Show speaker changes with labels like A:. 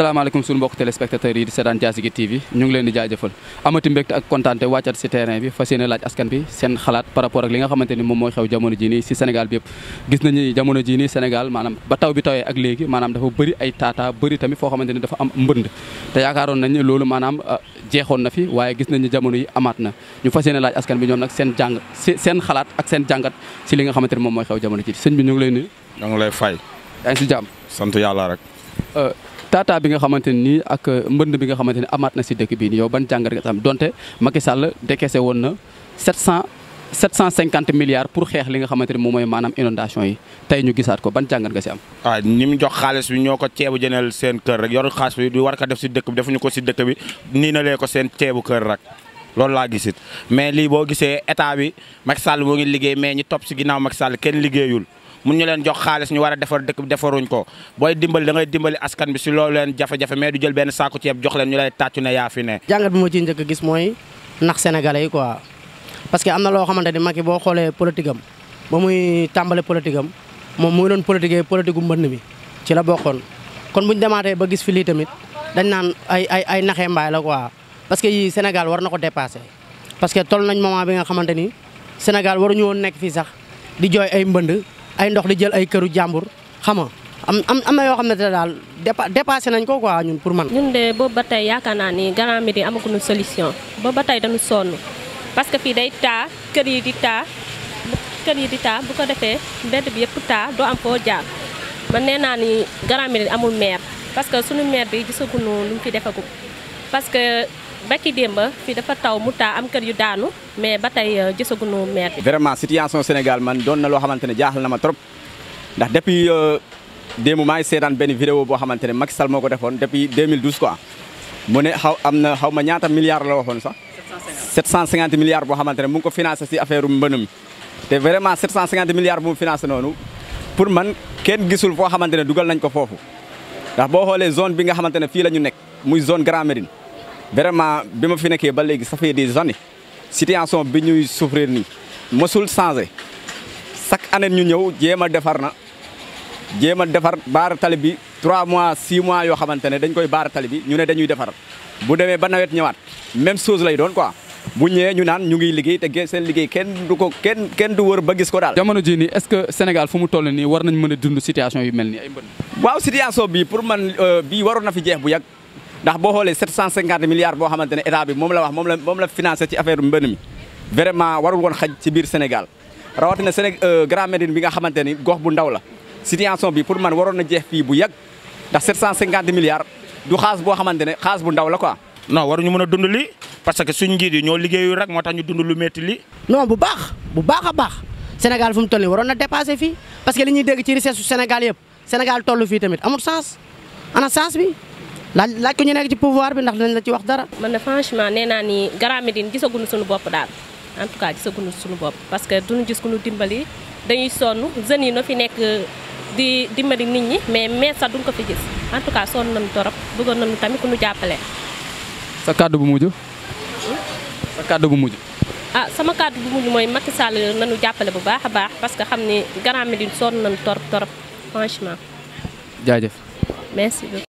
A: asalaamaaleykum suñu mbokk téléspectateurs yi di seetaan Diassigui TV ñu ngi leen di jaajëfal amati mbégte ak kontaante wàccat si terrain bi fas yéene laaj askan bi seen xalaat par rapport ak li nga xamante ni moom mooy xew jamono ji nii si Sénégal bi yëpp gis nañu jamono ji ak léegi maanaam dafa bëri ay taataa bëri tamit foo xamante ni dafa am mbënd te yaakaaroon nañ loolu maanaam euh, jeexoon na fi waaye gis nañu jamono yi amaat na ñu fas yéene laaj askan bi ñoom nag seen jàng seen xalaat ak seen jàngat si li nga xamante ni moom mooy xew jamono ji sëñ bi ñu ngi lay nuyu ñu ngi lay fay yaa ngi si jàmm sant yàlla rek euh, taataa bi nga xamante ne nii ak mbënd bi nga xamante ne amaat na si dëkk bii yow ban jàngat nga xam donte Macky Sall décaissé woon na 700 750 milliards pour xeex li nga xamante ne moom mooy maanaam inondation yi tey ñu gisaat ko ban jàngat nga si am.
B: waaw ah, ni mu jox xaalis bi ñoo ko ceebu jënal seen kër rek yor xaalis bi di war ko def si dëkk bi defuñu ko si dëkk bi nii na lee ko seen ceebu kër rek. loolu laa gisit mais lii boo gisee état bi Macky Sall moo ngi liggéey mais ñi topp si ginnaaw Macky Sall kenn liggéeyul. mu ñu leen jox xaalis ñu war a defar dëkk bi defaruñ ko booy dimbali da ngay dimbali askan bi si loolu leen jafe-jafe mais du jël benn saako ceeb jox leen ñu lay tàccu ne yaa fi ne.
C: jàngat bi ma ciy njëkk a gis mooy nax sénégalais yi quoi parce que am na loo xamante ni mag boo xoolee politique am ba muy tàmbale politique am moom mu ngi doon politique politique gu mbënd mi ci la bokkoon kon buñ demaatee ba gis fi lii tamit dañ naan ay ay ay naxee la quoi parce que yii Sénégal war na ko dépassé parce que toll nañ moment bi nga xamante ni Sénégal waruñu woon nekk fii sax di jooy ay mbënd ay ndox di jël ay këru jàmbur xam nga am am am na yoo xam ne daal dépassé nañ ko quoi ñun pour man.
D: ñun de boobu ba tey yaakaar naa ni Grand Médine amaguñu solution boobu ba tey dañu sonn parce que fii day taa kër yi di taa kër yi bu ko defee mbedd bi yëpp taa doo am foo jaar man nee naa ni Grand Médine amul maire parce que suñu maire bi gisaguñu lu mu fi defagum. parce que baki démba fii dafa taw mu taa am kër yu daanu mais ba tey euh, gisaguñu maire bi.
E: vraiment situation Sénégal man doon na loo xamante ne jaaxal na ma trop ndax depuis euh, démb maa ngi seetaan benn vidéo boo xamante ne Macky Sall moo ko defoon depuis 2012 quoi mu ne xaw am na xaw ma ñaata milliards la waxoon sax. 750 milliards boo xamante ne mu ngi ko financé si affaire mbënd mi te vraiment 750 milliards bu mu noonu pour man kenn gisul foo xamante ne dugal nañ ko foofu ndax boo xoolee zone bi nga xamante ne fii la ñu nekk muy zone Grand Médine. vraiment bi ma fi nekkee ba léegi ça fait des années situation bi ñuy souffrir nii mësul changé chaque année ñu ñëw jéem a defar na jéem a defar baara tali bi 3 mois 6 mois yoo xamante ne dañ koy baar tali bi ñu ne dañuy defar bu demee ba nawet ñëwaat même chose lay doon ko bu ñëwee ñu naan ñu ngi liggéey te seen liggéey kenn du ko kenn kenn du wër ba gis ko daal.
A: jamono jii nii est que Sénégal fu mu toll nii war nañ mën a dund situation yu mel nii ay mbënd.
E: waaw situation bi pour man euh, bii waroon na jeex bu yàgg. ndax boo xoolee 750 milliards boo xamante ne état bi moom la wax moom la moom la financé ci affaire mbënn mi xaj ci biir Sénégal rawatina Séné euh, Grand Médine bi nga xamante ni gox bu ndaw la situation bi pour man waroon na jeex fii bu yàgg ndax 750 milliards
B: du xaas boo xamante ne xaas bu ndaw la quoi. non ñu mun a dund li parce que suñ njiit yi ñoo liggéeyu rek moo tax ñu dund lu métti li
C: no bu baax bu baax a baax Sénégal fu mu toll nii waroon na dépassé fii parce que li ñuy ci richesse su Sénégal yëpp Sénégal toll fii tamit amul sens ana sens bi. laaj laaj ko ñu nekk ci pouvoir bi ndax dinañ la ci wax dara.
D: man na franchement nee naa ni Grand Médine gisaguñu sunu bopp daal en tout cas gisaguñu suñu bopp parce que duñu gis ku ñu dimbali dañuy sonn jeunes yi no fi nekk di dimbali nit ñi mais mais sax duñ ko fi gis en tout cas sonn nañu torop bëggoon nañu tamit ku ñu jàppale.
A: sa kàddu bu mujj. sa kàddu bu mujj.
D: ah sama kàddu bu mujj mooy Macky Sall nañu jàppale bu baax a baax parce que xam ni Grand Médine sonn nañu torop torop franchement. jaajëf. merci